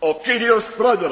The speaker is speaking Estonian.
O Kyrios Prodoros.